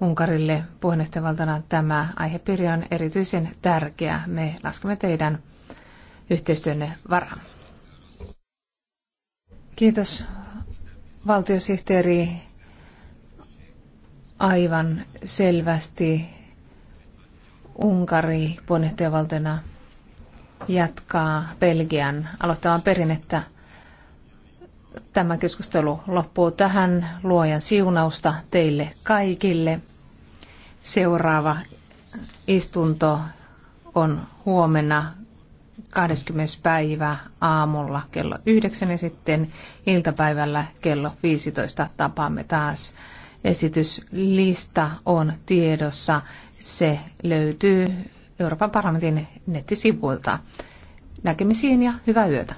Unkarille puheenjohtajavaltana tämä aihepiiri on erityisen tärkeä. Me laskemme teidän yhteistyönne varaan. Kiitos valtiosihteeri aivan selvästi Unkari puheenjohtajavaltana jatkaa Belgian aloittavan perinnettä. Tämä keskustelu loppuu tähän. Luojan siunausta teille kaikille. Seuraava istunto on huomenna 20. päivä aamulla kello 9 ja sitten iltapäivällä kello 15 tapaamme taas. Esityslista on tiedossa. Se löytyy Euroopan parlamentin nettisivuilta. Näkemisiin ja hyvää yötä.